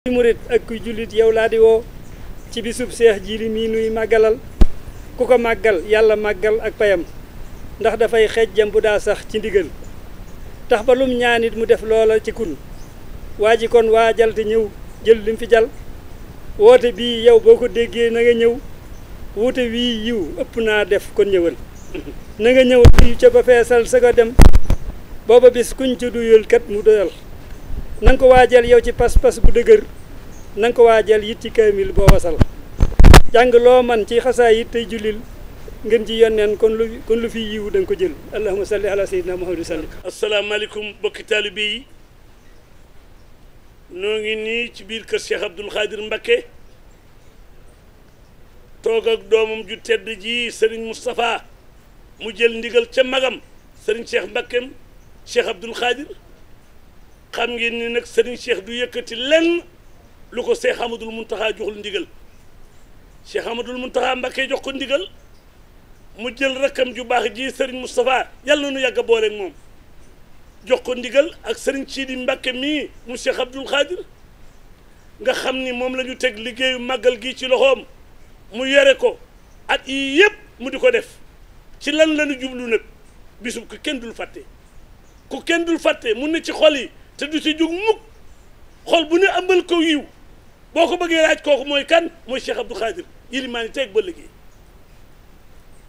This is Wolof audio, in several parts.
kuy murit ak kuy jullit yow laa di woo ci bisub seex jiili mii nuy màggalal ku ko màggal yàlla màggal ak payam ndax dafay xeej xejjam bu daa sax ci ndigal tax ba lum ñaanit mu def loola ci kun waa ji kon waajal ñëw jël lim fi jal woote bii yow boo ko déggee nanga ñëw wuute wii yiw ëpp naa def kon ñëwal na nga ñëw duyu ca ba feesal sa ko dem booba bis kuñ ca duyul kat mu doyal na nga ko waajal yow ci pas-pas bu dëgër na nga ko waajal yit ci kaamil boo wasal jàng loo man ci xasaa it tey jullil ngeen ji yonneen kon lu kon lu fi yiwu da ko jël allahuma salli ala sayyidina muhammad sallim asalaamaaleykum bokki taalibe yi noo ngi ci biir kër Cheikh Abdoul Khadir Mbacké toog doomam ju tedd ji Serigne Moustapha mu jël ndigal ca magam Serigne Cheikh Mbacké Cheikh Abdoul Khadir xam ngeen ni nag sëriñ Cheikh du yëkkati lenn lu ko Cheikh Amadou Mountakha joxul ndigal Cheikh Amadou Mountakha Mbacké jox ko ndigal mu jël rakkam ju baax ji sëriñ Moustapha yàlla nu yàgg a moom jox ko ndigal ak sëriñ Sidi Mbacké mii mu Cheikh Abdoul Khadir nga xam ni moom lañu teg liggéeyu màggal gi ci loxoom mu yore ko at yii yëpp mu di ko def ci lan la jublu nag bisub ku kenn dul fàtte ku kenn dul fàtte mun na ci xol yi. te du ci jóg mukk xol bu ne ambal ko yiw boo ko bëggee laaj kooku mooy kan mooy Cheikh Abdou Khadir yilimaani teeg ba léegi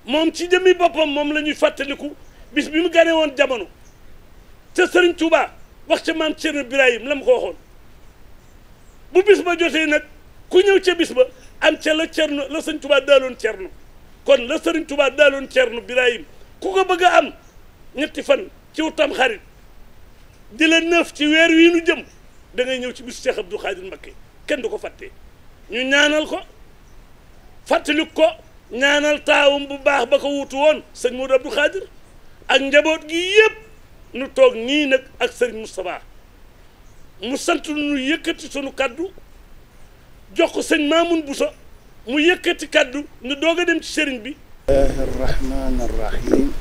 moom ci jëmmi boppam moom la ñuy fàttaliku bis bi mu ganee woon jamono te sëriñ Touba wax ca maam Thierno Birahim la mu ko waxoon bu bis ba jotee nag ku ñëw ca bis ba am ca la Thierno la Serigne tubaa daaloon Thierno kon la Serigne tubaa daaloon Thierno Birahim ku ko bëgg a am ñetti fan ci wutam xarit di la neuf ci weer wii nu jëm da ngay ñëw ci bis Cheikh Abdou Khadir Mbacké kenn du ko fàtte ñu ñaanal ko fàttali ko ñaanal taawam bu baax ba ko wutu woon sëñ Modou Abdou Khadir ak njaboot gi yëpp nu toog nii nag ak sëriñ Moustapha mu santu nu yëkkati sunu kaddu jox ko sëñ bu Bousso mu yëkkati kaddu ñu doog a dem ci sëriñ bi rahman rahim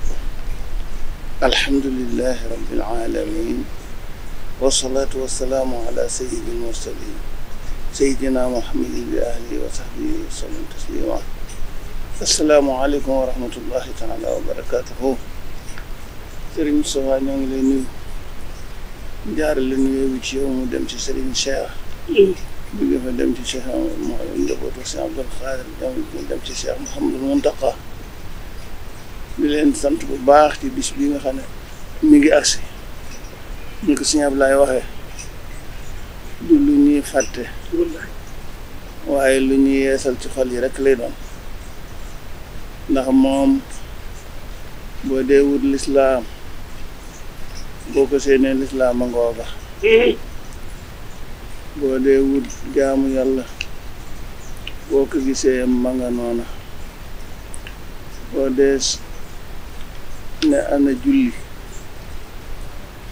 alhamdulilah rabbil alamin wasalaatu wasalaamu ala sayyidil mursalin sayyidina muhammadin bi ahlihi wa sahbihi wa sallam taslima asalaamualeykum wa rahmatullahi taala wa barakatuhu sëriñ Moustapha ñoo ngi lay nuyu jaare la nuyoo bi ci yow mu dem ci sëriñ Cheikh jóge fa dem ci Cheikh njabootu Cheikh Abdul Xaadir mu dem ci Cheikh Mouhamadul Muntaqa di leen sant bu baax ci bis bi nga xam ne mi ngi agsi ni ko sëñ Ablaay waxee du lu ñuy fàtte waaye lu ñuy yeesal ci xol yi rekk lay doon ndax moom boo dee wut lislaam boo ko seenee lislaam a ngooga boo dee wut jaamu yàlla boo ko gisee ma nga noona boo dee ne ana julli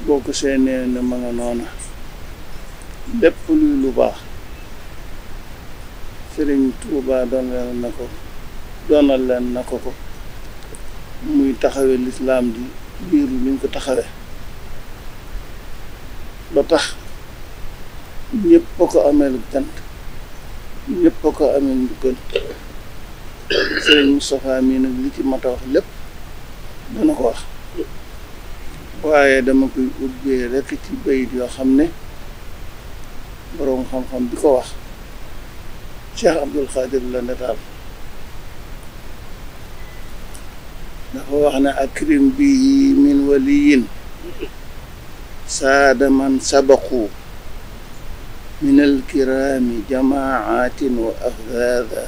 boo ko seenee ne ma nga noona lépp luy lu baax sëriñ Tuubaa doon na ko doonal leen na ko ko muy taxawe lislaam di biir lu ñu ko taxawe ba tax ñëpp a ko ameel cant ñëpp a ko ameel njukkal sëriñ Moustapha mii li ci mat wax lépp dana ko wax waaye dama koy ubbee rekk ci bayit yoo xam ne boroom xam-xam bi ko wax Cheikh Abdul Xaadir la nataal dafa wax ne akrim bihi min waliyin saada man sabaqu min alkiraami jamaatin wa afdaada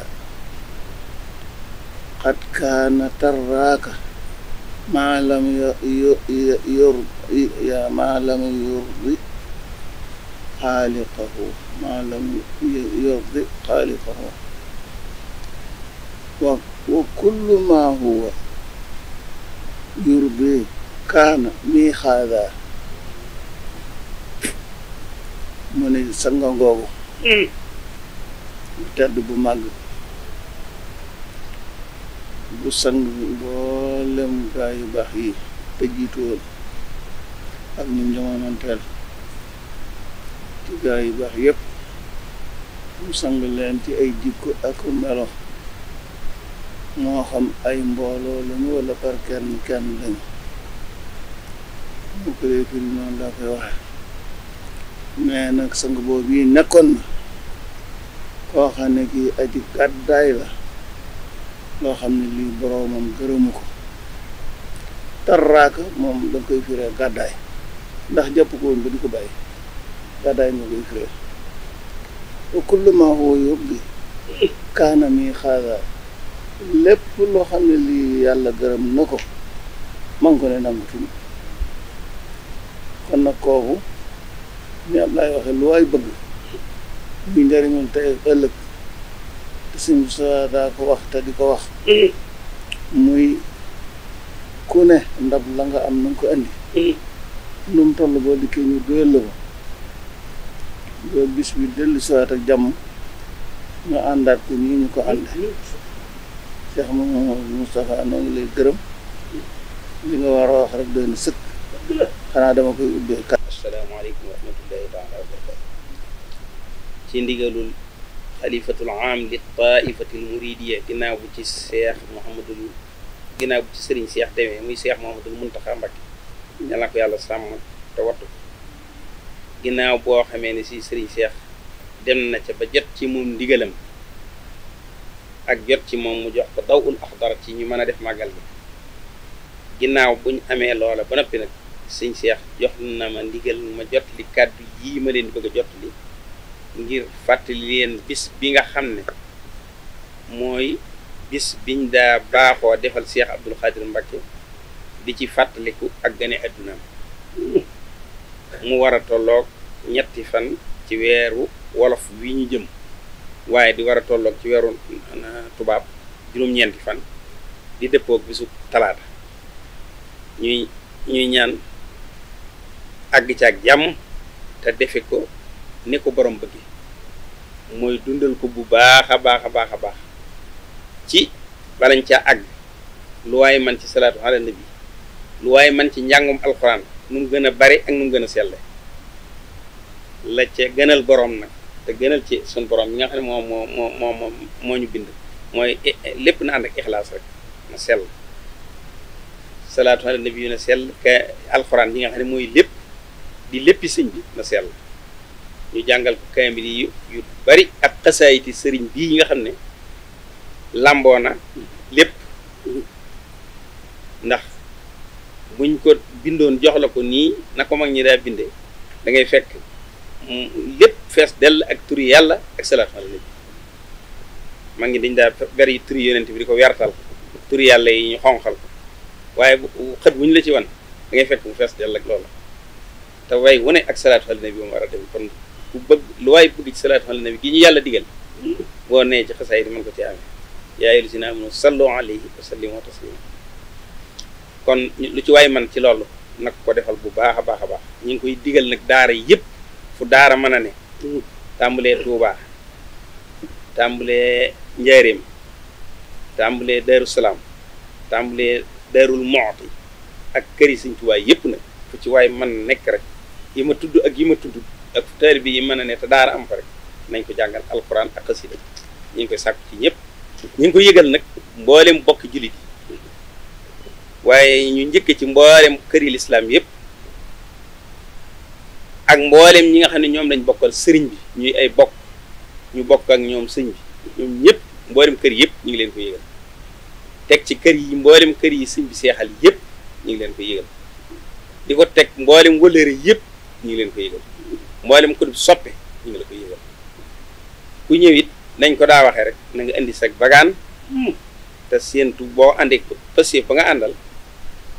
qad kaana tarraaka maa lam yor maa lam yurdi xaaliqahu maa lam yurdi xaaliqahu wa wa kullu maa huwa yurdi kaana mii xaadaa mu ne sanga ngoogu mm. tedd bu màgg ku sang gaa yu baax yi te jiitu ak ñum jamonoonteel ci gaa yu baax yépp mu sang leen ci ay jikko ak melo moo xam ay mbooloo lañu wala par kenn kenn lañu moo ko dee firi koy waxe mais nag sang boobu yi nekkoon na koo xam ne kii aji gàddaay la loo xam ne lii boroomam gërëmu ko tarraaka moom da koy firee gàddaay ndax jàpp ko woon ba di ko bàyyi gàddaay nga koy firee wa kullu ma huwa yóbbi kaana mi xaada lépp loo xam ne lii yàlla gërëm na ko ma ngi ko ne nangutuñu kon nag kooku ni am laay lu waay bëgg muy njariñul tey ëllëg suñ sa daa ko wax te di ko wax muy ku ne ndab la nga am na ko andi lu toll boo dikkee ñu doyal la boo bis bi dellu siwaat ak jàmm ñu àndaat ko nii ñu ko ànd Cheikh mu Moustapha noo lay gërëm li nga war a wax rek doy na sëkk xanaa dama koy ubbee asalaamaaleykum wa rahmatullahi taala wa barakatu ci ndigalul xalifatul am li taifatil muridiya ginnaaw bu ci seex Muhammadul ginnaaw bu ci sëriñ seex demee muy seex Muhammadul Muntaxa Mbakke yàlla ko yàlla sàmm te wattu ko ginnaaw boo xamee ne si sëriñ seex dem na ca ba jot ci moom ndigalam ak jot ci moom mu jox ko daw ul ci ñu mën a def màggal bi ginnaaw bu amee loola ba noppi nag sëñ seex jox na ma ndigal ma jot li kàddu yii ma leen bëgg a jot li ngir fàttali leen bis bi nga xam ne mooy bis biñ daa baaxoo defal Seex Abdul Xaadir Mbakke di ci fàttaliku ak gane àdduna mu war a tolloog ñetti fan ci weeru wolof wi ñu jëm waaye di war a tolloog ci weeru tubaab juróom-ñeenti fan di dëppoog bisu talaata ñuy ñuy ñaan àgg ci ak jàmm te defe ko ne ko borom bëgge mooy dundal ko bu baax a baax a baax a baax ci balañ ca àgg lu waaye man ci salaatu ala nabi lu waaye man ci njàngum alxuraan nu mu gën a bare ak nu mu gën a selle la ca gënal borom nag te gënal ci suñ borom bi nga xam ne moom moo moo moo moo ñu bind mooy e, e, lépp na ànd ak ixlaas rek na sell salaatu ala nabi yu na sell ka alxuraan yi nga xam ne mooy lépp di léppi sëñ bi na sell ñu jàngal ko kaamil yi yu bari ak xasaayiti sëriñ bii yi nga xam ne làmboo na lépp ndax buñ ko bindoon jox la ko nii na ko mag ñi daa bindee da ngay fekk lépp fees dell ak turi yàlla ak salaatu ala nabi mag ñi dañ daa bari turi yonent bi di ko wertal turi yàlla yi ñu xonqal ko waaye xët bu ñu la ci wan da fekk mu fees dell ak loola te way wu ne ak salaatu ala nabi moom war a dem kon ku bëgg lu waaye bëgg ci salaatu ala nabi gi ñu yàlla digal boo nee ci xasaay di mën ko ci amee yaa ayyuhal lazina amanu sallu alayhi wa sallimu taslima kon lu ci waay man ci loolu nag ko defal bu baax a baax a baax ñu ngi koy digal nag daara yëpp fu daara mën a ne tàmbalee Tuubaa tàmbalee Njaaréem tàmbalee Daaru Salaam tàmbalee Daarul Muxti ak këri Sëñ Tuubaa yëpp nag fu ci waay man nekk rek yi ma tudd ak yi ma tudd ak taalibe yi mën a ne te am ko rek nañ ko jàngal alquran ak xasida ñu ngi koy sàkku ci ñëpp ñu ngi ko yëgal nag mboolem bokk jullit yi waaye ñu njëkk ci mboolem këri lislaam yëpp ak mboolem ñi nga xam ne ñoom lañ bokkal sëriñ bi ñuy ay bokk ñu bokk ak ñoom sëñ bi ñoom ñëpp mboolem kër yëpp ñu ngi leen ko teg ci kër yi mboolem kër yi sëñ bi seexal yëpp ñu ngi leen ko yëgal di ko teg mboolem wëllëre yëpp ñu ngi leen ko yëgal mboolem ku dul soppe ñu ngi la ko yëgal ku ñëw it nañ ko daa waxee rek na nga indi sag bagaan hmm, te séentu boo àndee ko ba nga àndal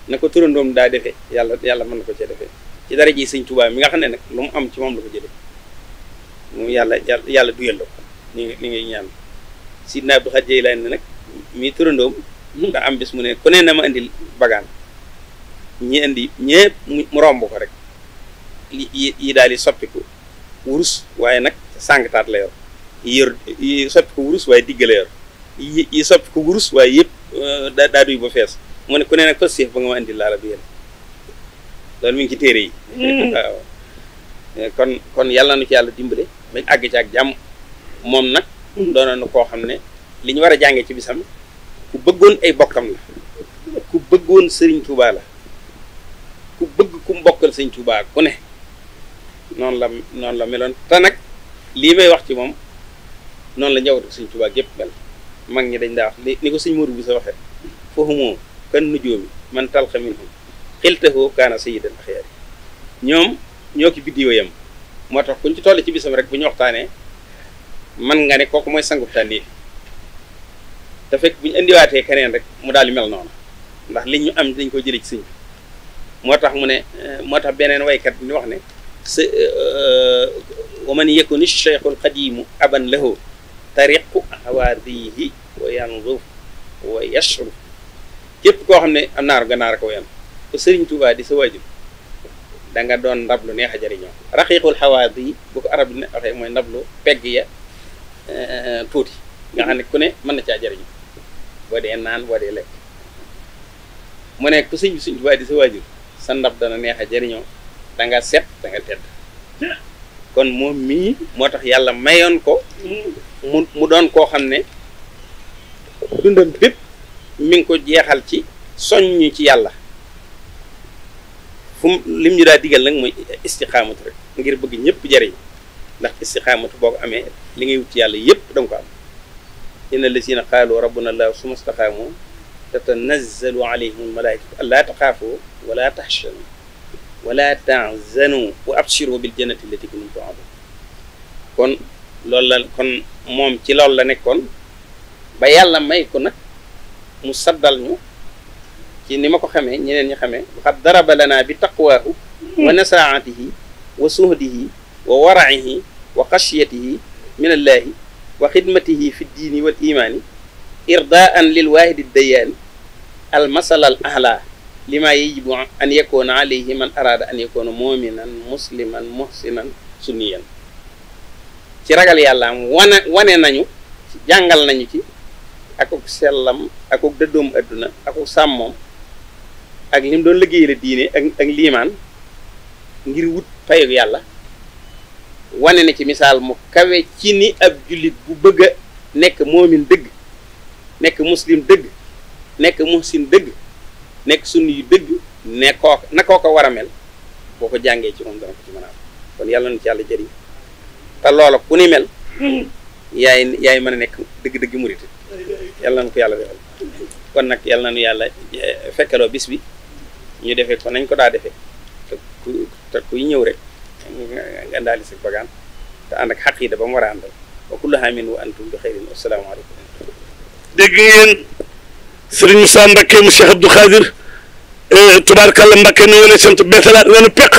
na ko turandoom daa defee yàlla yàlla mën na ko cee defee ci dara ji sëñ mi nga xam ne nag lu am ci moom la ko jëlee moom yàlla yàlla duyal la ko ni ni ngay ñaan Sidna Abdou Xaadir Jeylaani nag mii turandoom nga hmm. am bis mu ne ku ne na ma indi bagaan ñi indi ñëpp mu romb ko rek yi daal di soppiku wurus waaye nag sàngtaat la yor yi wurus waaye digg la yi yi soppiku wurus waaye yëpp euh, daa daa duy ba fees mu ne ku ne nag fas yéex ba nga ma indi laala bi yéen loolu mi ngi ci téere yi. Hmm. Eh, kon kon yàlla na ci yàlla dimbale bañ àgg ci ak jàmm moom nag. Hmm. doonoon na koo xam ne li ñu war a jànge ci bisam ku bëggoon ay bokkam la ku bëggoon Serigne Touba la ku bëgg ku mbokkal Serigne Touba ku ne. noonu la noonu la meloon te nag lii may wax ci moom noonu la njabootu Sëñ Tuubaa gépp mel mag ñi dañ daa wax li ni ko sëñ waxee foofu moom kan nujoomi man talqa minhum xiltahoo kaana sayyidan axyaari ñoom ñoo ki biddiwa yam moo kuñ ci toll ci bisam rek bu ñu waxtaanee man nga ne kooku mooy sangu tànn yi te fekk bu keneen rek mu daal di mel noonu ndax li ñu am dañ ko jëlee ci moo tax mu ne moo tax beneen waykat ni wax ne Euh, euh, wa man yakuni cheikhu alqadimu aban lahu tariqu hawaadihi wa yanzur wa yashru képp koo xam ne am ganaar ko yam ko sëriñ di sa waajur da nga doon ndab lu neex a jëriñoo raqiqul hawaadi bu ko arab ne waxee mooy ndab lu pegg ya euh, tuuti nga xam ne ku ne mën na caa jëriñu boo dee naan boo dee lekk mu ne ku sëriñ Tuubaa di sa waajur sa ndab dana neex a jariñoo danga set da nga tedd kon moom mii moo tax yàlla mayoon ko mu mu doon koo xam ne dundam bépp mi ngi ko jeexal ci soññ ci yàlla fu lim ñu daa digal nag mooy istixaamatu rek ngir bëgg ñëpp jariñ ndax istixaamatu boo ko amee li ngay wut yàlla yëpp da nga ko am inna lazina qaalu rabbuna allah suma staxaamu tatanazzalu alayhim almalaikatu an laa taxaafu wala taxshanu wala tahzanu wa abshiru bil jannati allati kuntum tu'adun kon loolu la kon moom ci loolu la nekkoon ba yàlla may ko nag mu saddal ñu ci ni ma ko xamee ñeneen ñi xamee waxat daraba lana bi taqwaahu wa nasaatihi wa suhdihi wa waracihi wa xashiyatihi min allaahi wa xidmatihi fi ddiini wal imaani irdaan lil waahidi dayyaani al masala al ahlaa lima yajibu an yakuna alayhi man araada an yakuna muminan musliman muhsinan sunniyan ci ragal yàlla am wane wane nañu jàngal nañu ci akuk sellam akuk dëddoom adduna akuk sàmmoom ak lim doon liggéey la diine ak liimaan ngir wut payug yàlla wane na ci misaal mu kawe ci ni ab jullit bu bëgg a nekk moomin dëgg nekk muslim dëgg nekk muhsin dëgg nekk sunna yu dëgg ne koo ko war a mel boo ko jàngee ci moom dana ko ci mën a am kon yàlla na ci yàlla jëriñ te loola ku ni mel yaay yaay mën a nekk dëgg-dëgg murit yàlla na yàlla defal kon nag yàlla nu yàlla eh, fekkeloo bis bi ñu defee ko nañ ko daa defee te ku te kuy ñëw rek nga ndaali sa bagaan te ànd ak xaqiida ba mu war a àndal wa kullu haamin wa antum bi xayrin asalaamaaleykum dégg ngeen sëriñ Moussa Mbacke mu Cheikh Abdou Khadir eh, tubaarkàlla Mbacke ñu ngi lay sant beesalaat nañu peq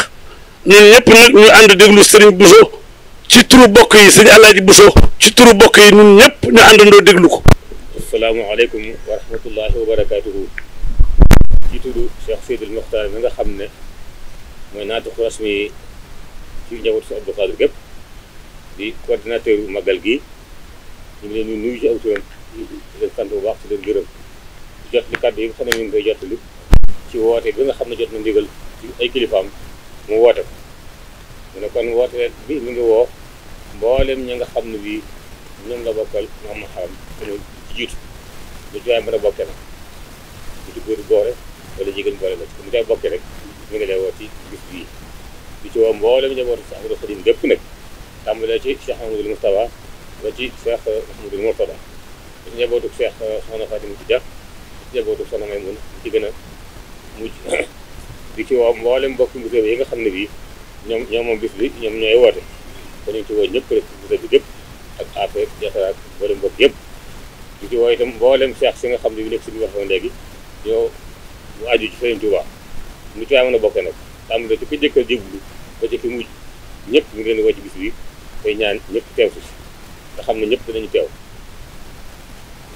ñun ñëpp ñu ànd déglu sëriñ Bousso ci turu bokk yi sëriñ Alaaji Bousso ci turu bokk yi ñun ñëpp ñu àndandoo ko. asalaamaaleykum wa rahmatullahi wa barakaatuhu. ci turu Cheikh mi nga xam ne mooy naatu rasmi yi ci yu màggal gi ñu ngi leen di sant bu baax leen gërëm. jot li kàddu yi nga xam ne ñu ngi koy jottali ci woote bi nga xam ne jot na ndigal ci ay kilifaam mu woote ko mu ne kon woote bi mu ngi woo mboolem ñi nga xam ne bii ñoom la bokkal ñoo ma xam dañu jiitu lu ci boore wala jigéen boore la mu tey bokkee rek ñu ngi lay woo ci bis bii di ci woo mboolem njabootu Cheikh Amadou Khadim bépp nag tàmbalee ci Cheikh Amadou Moustapha ba ci Cheikh Amadou Mourtada njabootu Cheikh Soxna Fatim ci def jabootu soxna may mun ci gën a mujj di ci woo mboolem mbokk mu yi nga xam ne bii ñoom ñoom moom bis bi ñoom ñooy woote kon ñëpp rek musée ak affaire jafe ak mbokk yëpp di ci woo itam mboolem seex si nga xam ne bi nekk si biir waxoon léegi yow mu aju ci Sëriñ a nag am na ci ko jëkk a jéblu ñëpp ñu leen woo ci bis bi ñaan ñëpp teew nga ñëpp dinañu teew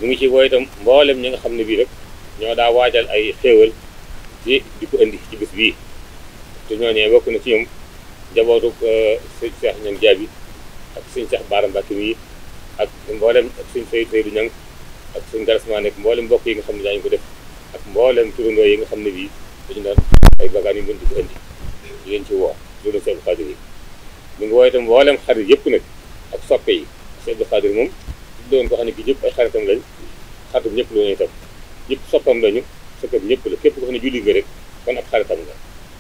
ngi ci woo itam mboolem ñi nga xam ne bii rek ñoo daa waajal ay xéewal ci di ko indi ci bis bii te ñooñee bokk na ci ñoom njabootu euh, sëñ Cheikh Niang Diaby ak sëñ Cheikh Bara Mbacké mii ak mboolem ak sëñ Seydou Seydou Niang ak sëñ Galasma nekk mboolem mbokk yi nga xam ne daañu ko def ak mboolem turandoo yi nga xam ne bii dañu doon ay bagaan yu mën di ko indi ci woo loolu Seydou Khadir yi ñu ngi wooye itam mboolem xarit yëpp nag ak soppe yi Seydou Khadir moom doon ko xam ne bi ñëpp ay xaritam lañ xaritam ñëpp loolu itam yëpp soppam lañu soppam ñëpp la képp ko xam ne julli nga rek kon ab xaritam nga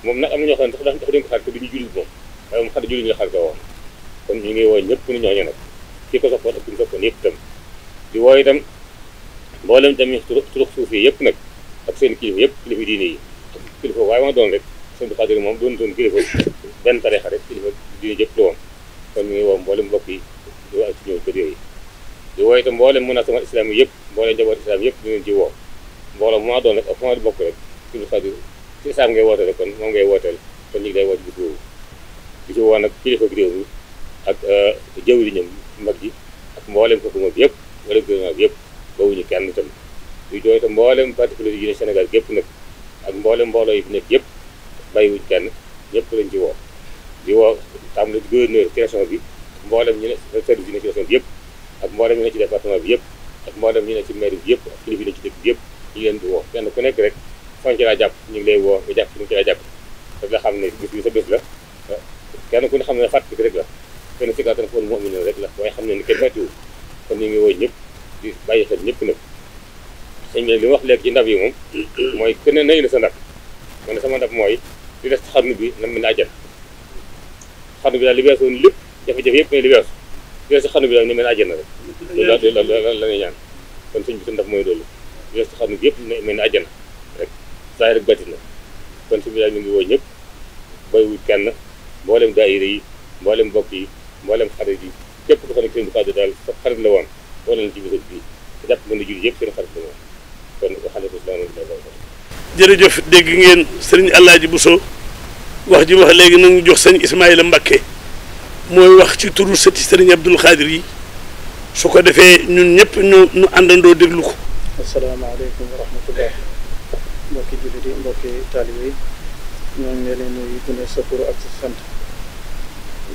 moom nag am na ñoo xam ne dafa dafa dañ ko xarit te moom waaye moom xarit nga xarit kon ñu ngi woo ñëpp nu ñooñu nag kii ko soppoon ak ki ñu soppoon yëpp itam di woo itam mboolem tamit turux yi yëpp nag ak seen kilifa yëpp kilifa diine yi ak kilifa waaye ma doon rek seen moom doon doon kilifa benn tarixa rek kilifa diine yëpp la woon mbokk yi di woo ak si ñëw kër yooyu di woo itam mboolem munasama islam yi yëpp mboolem njaboot islam yëpp ñu leen ci woo mbooloo mu ma doon rek ak fu ma di bokk rek ci lu ngay wooteel kon moom ngay wooteel kon ñu day woote bu boobu di ci woo nag kilifa réew mi ak euh, jëwriñam mag ji ak mboolem ko moom yëpp wala gouvernement bi yëpp kenn itam luy jooy itam mboolem parti politique Sénégal gépp nag ak mboolem mbooloo yi fi nekk yëpp bàyyiwuñ kenn ñëpp lañ ci woo di woo tam la bi ak mboolem ñu ne service yi ci région bi yëpp ak mboolem ñu ne ci département bi yëpp ak mboolem ñu ne ci mairie bi yëpp ak kilifa yi ne ci dëkk bi yëpp yi leen di woo kenn ku nekk rek foñ ci laa jàpp ñu ngi lay woo nga jàpp ñu ci laa jàpp daf la xam ne bis bi sa bés la kenn ku ne xam ne fàttali rek la kenn si gàttal fóon moom ñu rek la waaye xam ne ni kenn fàttiwu kon ñu ngi woo ñëpp di bàyyi xel ñëpp nag sëñ bi li mu wax léegi ci ndab yi moom mooy ku ne nañu la sa ndab ma ne sama ndab mooy li des xarnu bi na mel ni àjjana xarnu bi daal li weesu woon lépp jafe-jafe yëpp ne li weesu li weesu xarnu bi daal ni mel ni àjjana rek loolu la ñuy ñaan kon sëñ bi sa ndab mooy loolu wees xam ne yëpp mel ni àjjana rek saa rek bati na kon suñu daal ñu ngi woo ñëpp kenn mboolem daayira yi mboolem mbokk yi mboolem xarit yi képp ko xam ne sëñ bi xarit woon wala na ci bisat bii yëpp seen xarit jërëjëf dégg ngeen sëriñ Alaaji Bousso wax ji wax léegi nañu jox sëñ Ismaïla Mbakke mooy wax ci turu ci sëriñ Abdul Xaadir yi su ko defee ñun ñëpp ñu ñu àndandoo déglu ko asalaamaaleykum wa rahmatullah mbokki jullit yi mbokki taalibe yi ñoo ngi leen nuyu ku ne sa tur ak sa sant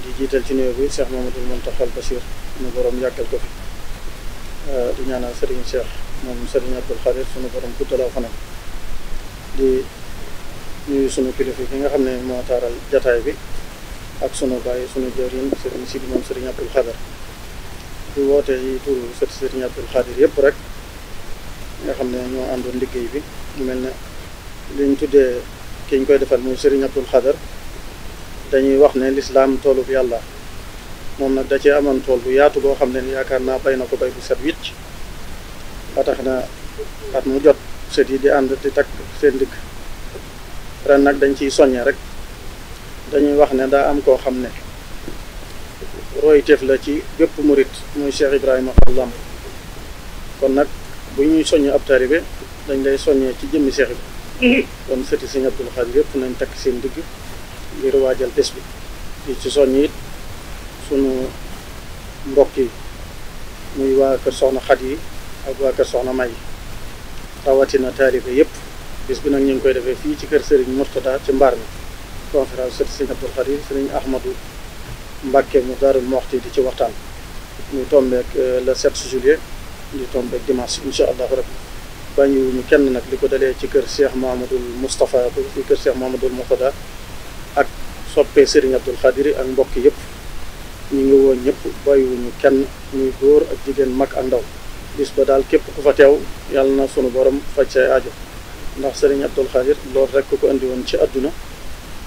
di jiital ci néew bi Cheikh Mamadou Mountakha Bassir sunu borom yàggal ko fi ah, di ñaanal Serigne moom Serigne Abdoul Khadir borom guddalaaw di nuyu sunu kilifa ki nga xam ne moo jataay bi ak sunu bàyyi sunu jëriñ Serigne Sidi moom Serigne Abdoul Khadir di woote yi turu Serigne Abdoul Khadir yëpp rek. nga xam ne ñoo àndoon liggéey bi mu mel na li tuddee ki koy defal muy Serigne Abdul Xadar dañuy wax ne lislaam toolu toolub yàlla moom nag da cee amoon tool bu yaatu boo xam ne ni yaakaar naa bay na ko bay bu set wicc ba tax na at mu jot set yi di ànd di takk seen digg ren nag dañ ciy soññe rek dañuy wax ne daa am koo xam ne royteef la ci bépp murit muy Cheikh Ibrahima kon nag bu ñuy soññee ab taalibe dañ lay soññee ci jëmmi seex bi mhm. kon sëti sëñ Abdul Xaadir yëpp nañ takk seen digg ngir waajal bés bi di ci soññ it sunu mbokk yi muy waa kër soxna xat yi ak waa kër soxna may yi rawatina taalibe yëpp bis bi nag ñu ngi koy defee fii ci kër Serigne Mourtada ci mbaar mi conférence sëti sëñ Abdul Xaadir sëriñ Ahmadou Mbàkke mu Daarul Moxti di ci waxtaan muy tombeek euh, le 7 juillet di tombe ak dimanche incha allahu rabbi bàyyiwuñu kenn nag li ko delee ci kër Cheikh Mahamadul Moustapha ba fi kër Cheikh Mahamadul Mourtada ak soppee Serigne Abdoul Khadiri ak mbokk yépp ñu ngi woon ñëpp bàyyiwuñu kenn ñuy góor ak jigéen mag ak ndaw bis ba daal képp ku fa teew yàlla na sunu borom faj say aajo ndax Serigne Abdoul Khadir loolu rek ko andi woon ci àdduna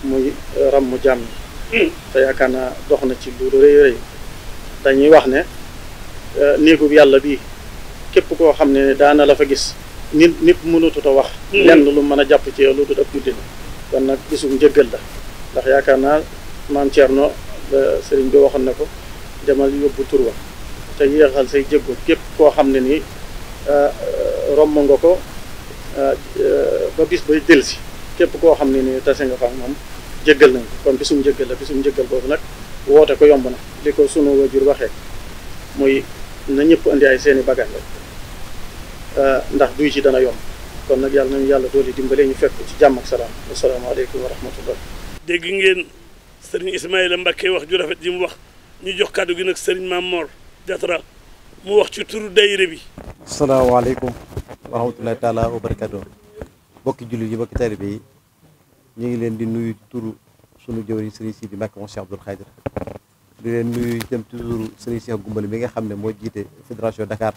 muy ràmm jàmm te yaakaar na dox na ci lu rëy rëy dañuy wax ne eh, néegub yàlla bii képp koo xam ne daana la fa gis nit nit mënatut a wax hmm. lenn lu mën a jàpp ci lu dul ak guddi kon nag bisum njëggal la ndax yaakaar naa maam Thierno ba sëriñ waxoon na ko demal yóbbu tur wa te yéexal say jéggu képp koo xam ne nii euh, romb nga ko euh, ba bis bay delsi képp koo xam ne nii tase nga fa ak moom jéggal nañ ko kon bisum njëggal la bisum njëggal boobu nag woote ko yomb na li ko sunu wajur waxee muy na ñëpp indi seeni seeni bagage Euh, ndax duy ci dana yomb kon nag yàlla nañu yàlla doole dimbale ñu fekk ci jàmm ak salaam asalaamaaleykum wa rahmatullah dégg ngeen sëriñ Ismaïla Mbacke wax ju rafet ji mu wax ñu jox kàddu gi nag sëriñ Maam Mor Jatra mu wax ci turu dayre bi asalaamaaleykum wa rahmatullahi taala wa barakatu bokki jullit yi bokki taalibe yi ñu ngi leen di nuyu turu sunu jëwriñ sëriñ Sidi Mbacke moom Cheikh Abdoul Khadir di leen nuyu itam toujours sëriñ Cheikh Gumbal mi nga xam ne moo jiite fédération Dakar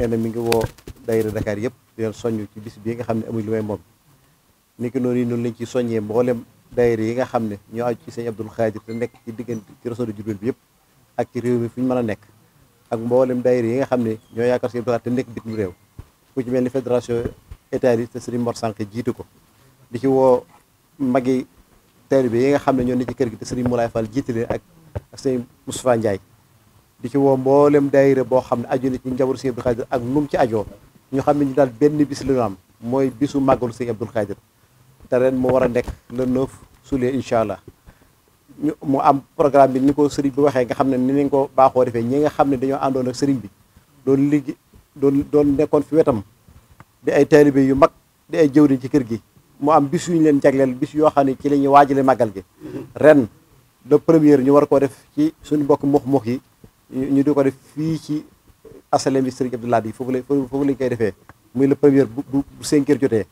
nee na mi ngi woo daayira Dakar yëpp di leen ci bis bii nga xam ne amuñ lu may moom niki noonu yi noonu lañ ci soññee mboolem daayira yi nga xam ne ñoo aju ci sëñ Abdul Xaadir te nekk ci diggante ci réseau bi yëpp ak ci réew mi fu ñu mën a nekk ak mboolem daayira yi nga xam ne ñoo yaakaar sëñ Abdul Xaadir te réew ku ci mel ni fédération état yi te sëriñ Mor Sànq jiitu ko li ci woo magi bi yi nga xam ne ñoo ne ci kër gi te sëriñ Moulay Fall jiite leen ak ak sëriñ Moustapha di ci woo mboolem daayira boo xam ne aju na ci njaboot sëñ Abdou Khadir ak num ci ajoo ñu xam ne ñu daal benn bis la ñu am mooy bisu màggalu sëñ Abdou Khadir te ren mu war a nekk le 9 juillet incha allah ñu mu am programme bi ni ko sëriñ bi waxee nga xam ne ni nañ ko baaxoo defee ñi xam ne dañoo àndoon ak sëriñ bi doon liggéey doon doon nekkoon fi wetam di ay taalibe yu mag di ay jëwriñ ci kër gi mu am bis yu ñu leen jagleel bis yoo xam ne ci la ñuy waajale màggal gi ren le premier ñu war koo def ci suñu mbokk mux mux yi ñu di ko def fii ci asalem bi Serigne bi foofu la foofu lañ koy defee muy le premier bu bu bu cinq heures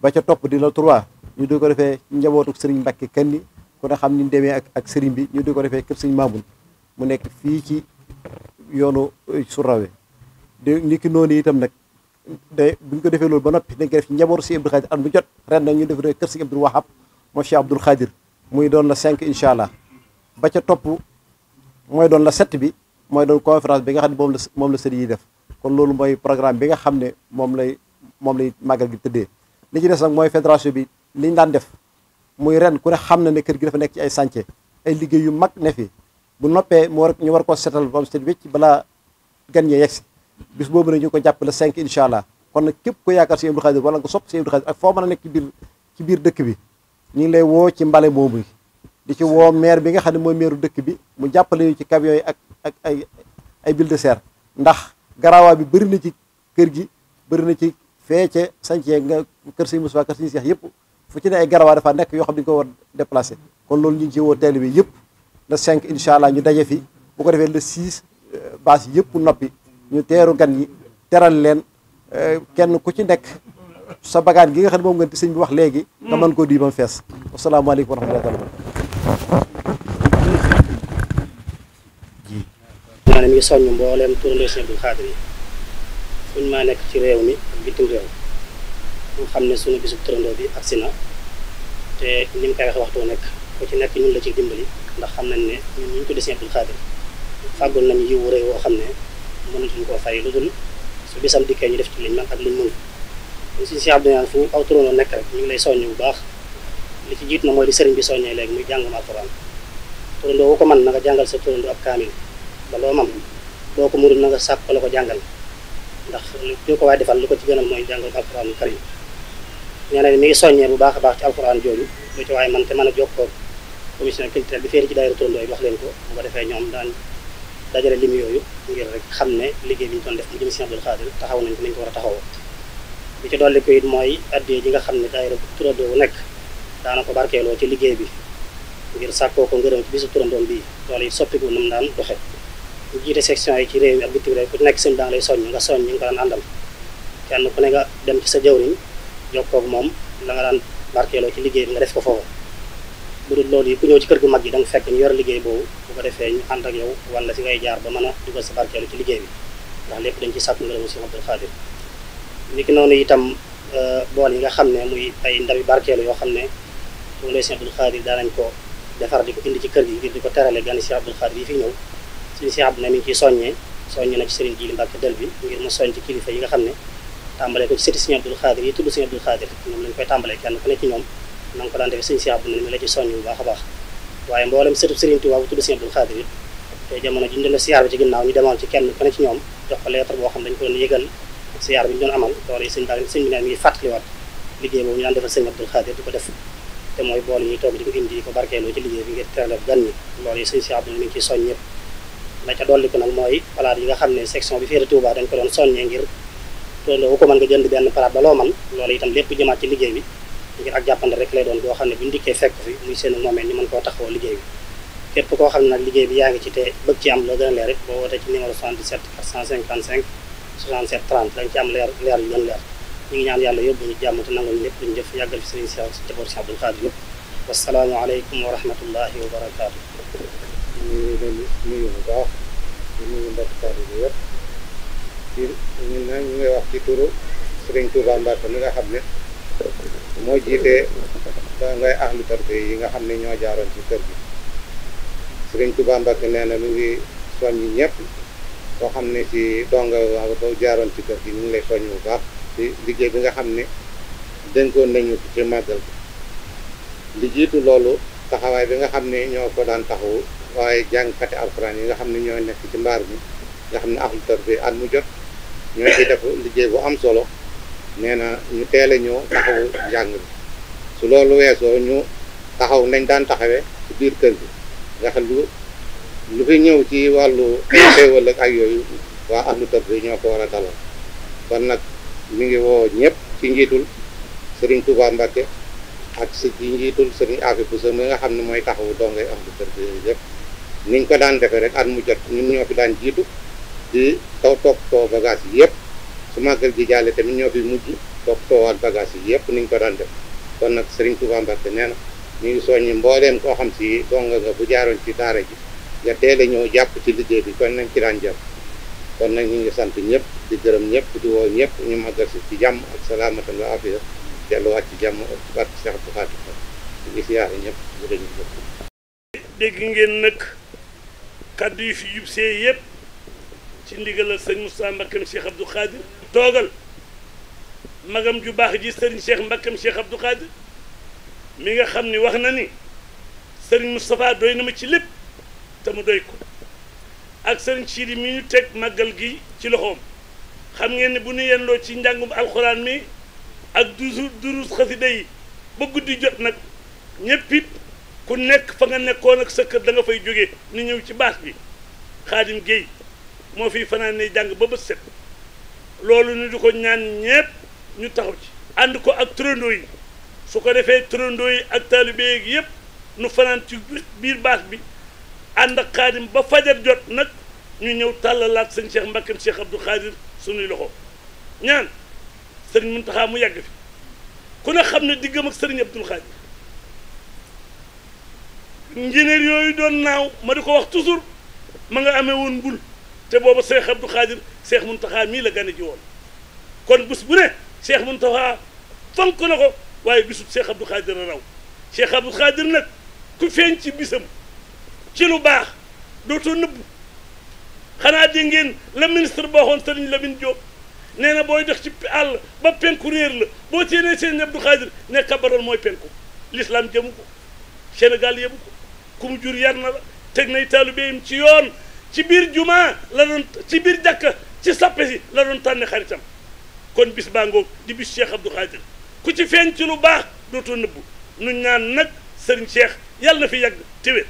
ba ca topp di la trois ñu di ko defee njabootu Serigne Mbacke Kanni ku ne xam ni demee ak ak Serigne bi ñu di ko defee kër Serigne Mamoun mu nekk fii ci yoonu euh, Sourawe de ni ki itam nag day buñ ko defee loolu ba noppi dañ njabootu si Abdou Khadir at jot ren nag ñu def de kër Serigne Abdou Wahab moo Cheikh Abdoul Khadir muy doon la cinq incha allah ba ca topp mooy doon la sept bi. mooy doon conférence bi nga xam ne moom la moom la sëriñ yi mooy programme bi nga xam ne moom lay moom lay màggal gi tëddee li ci des nag mooy fédération bi li ñu daan def muy ren ku ne xam na ne kër gi dafa nekk ci ay chantier ay liggéey yu mag ne fi bu noppee mu war ñu war koo seetal ba mu set wécc bala gan ñee yegsi bis boobu ne ñu ko jàppale 5 incha allah kon nag képp ko yaakaar si Abdou Khadir wala nga sopp si Abdou Khadir ak foo mën a ci biir dëkk bi ñu ngi lay woo ci mbale moomu di ci woo maire bi nga xam ne mooy maireu dëkk bi mu jàppale ñu ci camion yooyu ak ak ay ay bil de serre ndax garaawaa bi bëri na ci kër gi bëri na ci fee ca sañcee nga kër sëñ Moussa kër sëñ Seex yëpp fu ci ne ay garawaa dafa nekk yoo xam ne dañu ko war déplacé kon loolu ñu ngi ci woo teel bi yëpp le cinq incha allah ñu daje fi bu ko defee le 6 euh, bâche yëpp noppi ñu teeru gan yi teral leen euh, kenn ku ci nekk sa bagaan gi nga xam ne moom nga sëñ bi wax léegi nga mën koo duy ba mu fees asalaamaaleykum wa rahmatulah ne mi ngi soññ mbooleem turandoo Sëriñ Abdou Khadr yi fuñ maa nekk ci réew mi ak bitim réew mu xam ne suñu bisub turandoo bi agsi na te ni mu koy wax nekk ku ci nekk ñun la ci dimbali ndax xam nañ ne ñun ñu ko tuddee Sëriñ Abdou woo xam ne mënatuñ koo fay lu dul su bisam dikkee ñu def ci liñ man ak liñ mën ñu si Cheikh Abdou Naan fu aw turandoo nekk rek ñu ngi lay soññ bu baax li ci jiit na mooy di sëriñ bi soññee léegi muy jàngum alxuraan turandoo wu ko man na jàngal sa turandoo ab kaamil ba loo man boo ko mënul na nga sàkk la ko jàngal ndax li ko waay defal li ko ci gënal mooy jàngal alxuraan karim nee na mi ngi soññee bu baax a baax ci alxuraan jooju lu ci waaye man te mën a jokkoo commission culturelle bi féeri ci daayira Tondoy wax leen ko bu ko defee ñoom daan dajale lim yooyu ngir rek xam ne liggéey bi ñu doon def mu jëm si Abdul Xaadir taxaw nañ ko nañu ko war a taxawoo li ci dolli nga xam ne daayira turandoo bu nekk daana ko barkeeloo ci liggéey bi ngir sàkkoo ko ngërëm ci bisu turandoom bii loolu it soppiku nam daan doxe ku jiite section yi ci réew mi ak bitim réew ku nekk sëñ daan lay soññ nga soññ nga daan àndal kenn ku ne nga dem ci sa jawriñ jokkoog moom la nga daan barkeeloo ci liggéey bi nga def ko foofu bu dul loolu yi ku ñëw ci kër gu mag gi da fekk ñu liggéey boobu bu ko defee ñu ànd ak si ngay jaar ba mën a dugal sa barkeelu ci liggéey bi ndax lépp dañ ci sàkk ngërëmu si Abdul Xaadir noonu itam euh, bool yi nga xam ne muy ay ndawi barkeelu yoo xam ne fu mu lay si Abdul Xaadir ko defar di ko indi ci kër gi ngir di ko terale gan si Abdul Xaadir yi fi ñëw suñu si abdina mi ngi ciy soññee soññe na ci sëriñ ji li dël bi ngir mu soññ ci kilifa yi nga xam ne tàmbalee ko ci sëti sëriñ Abdul Xaadir yi tudd sëriñ Abdul Xaadir ñoom ne ci ñoom na nga ko daan defee sëriñ si abdina mi la ci soññ bu yi te jamono ji ne ci ñoom jox ko lettre ngi ko def ci liggéey bi ngir terale gan ñi loolu yi sëñ si abdina mi ngi ciy soññ ñëpp la ca dolli ko nag mooy palaat yi nga xam ne section bi féete Touba dañ ko doon soññee ngir tolloo wu ko mën nga jënd benn palaat ba man loolu itam lépp jëmaat liggéey bi ngir ak jàppande rek lay bi yaa ngi ci te bëgg ci am loo gën a leer it boo wootee ci numéro 77 455 67 30 lañ ci am leer leer yu gën leer ñu ngi ñaan yàlla yóbbu ñu jàmm te nanguñu lépp luñu jëf yàggal fi sëriñ si jaboor si Abdul Xaadir yëpp wasalaamaaleykum wa rahmatullahi wa barakaatu ñu ngi bu baax ñu nag ñu ngi wax ci turu Serigne Touba Mbacke mi nga xam ne moo jiitee da ngay ahlu tarbiya yi nga xam ne ñoo jaaroon ci kër gi Serigne Touba Mbacke nee na mi ngi soññi ñëpp koo xam ne ci donga ba jaaroon ci kër gi ñu ngi lay soññ bu baax ci liggéey bi nga xam ni dénkoon nañu ci màggal bi li loolu taxawaay bi nga xam ne ñoo ko daan taxawu waaye jàngkati alxuraan yi nga xam ne ñoo nekk ci mbaar bi nga xam ne ahlu tarbiya at mu jot ñoo ci def liggéey bu am solo nee na ñu teel a ñëw taxawu njàng bi su loolu weesoo ñu taxaw nañ daan taxawee ci biir kër gi nga xam lu lu ñëw ci wàllu xéewal yooyu waa ahlu tarbiya ñoo ko war a dalal kon nag mi ngi woo ñëpp ci njiitul sëriñ Touba Mbacke ak si ci njiitul sëriñ Afi Bousso mi nga xam ne mooy taxawu dongay ahlu tarbiya yëpp niñ ko daan defee rek at mu jot ñun ñoo fi daan jiitu di taw toppatoo bagage yi yëpp su màggal gi jàllee tamit ñoo fi mujj toppatoowaat bagage yi yëpp niñ ko daan def kon nag Serigne Touba Mbacke nee na ñu ngi soññi mbooleem koo xam si donga bu jaaroon ci daara ji nga teel a ñëw jàpp liggéey bi kon nañ ci daan jàpp kon nag ñu ngi sant ñëpp di gërëm ñëpp di woo ñëpp ñu màggal si ci jàmm ak salaamatan wa afiya delluwaat ci jàmm ak barke Cheikh Abdou Khadre ñu ngi siyaare ñëpp dégg ngeen nag kaddu yi fi jub see yëpp ci ndigalal sëñ Moussa Mbakkam Cheikh Abdou Khadir toogal magam ju baax ji sëriñ Cheikh Mbakkam Cheikh Abdou Khadir mi nga xam ni wax na ni sëriñ Moustapha doy na ma ci lépp te mu doy ko ak sëriñ Sidi mi ñu teg màggal gi ci loxoom xam ngeen ne bu ñu yendoo ci njàngum alxuraan mi ak durus durus xasida yi ba guddi jot nag ñëpp ku nekk fa nga nekkoon ak sa danga da nga fay jógee ñu ñëw ci baas bi xaadim géey moo fi fanaan ne jàng ba bët set loolu ñu di ko ñaan ñépp ñu taxaw ci ànd ko ak turandoo yi su ko defee turandoo yi ak taalibe yeeg yépp nu fanaan ci biir baas bi ànd ak xaadim ba fajar jot nag ñu ñëw tàllalaat sëñ Cheikh Mbakkeem Cheikh Abdou Khadir sunuy loxo ñaan sëriñ Muntaxa mu yàgg fi ku ne xam ne diggam ak sëriñ Abdou Khadir njëneer yooyu doon naaw ma di ko wax toujours ma nga amee woon bul te booba Cheikh Abdou seex mun Mountakha mii la gane ji woon kon bés bu ne Cheikh Mountakha fonk na ko waaye bisub Cheikh Abdou Khadir raw Cheikh Abdou Khadir nag ku feeñ ci bisam ci lu baax dootoo nëbbu xanaa dégg ngeen la ministre boo xoon Serigne Lamine Diop nee na booy dox ci àll ba penku réer la boo teenee seen Abdou Khadir ne kabaroon mooy penku l'islam jëmu ko Sénégal yëmu ko ku mu jur yar na teg na nay taalibeem ci yoon ci biir juma la doon ci biir jàkka ci sappe si la doon tànn xaritam kon bis baa ngoog di bis Cheikh Abdou Khadir ku ci feeñ ci lu baax dootoo nëbbu nu ñaan nag sëriñ Cheikh yàlla na fi yàgg téwéer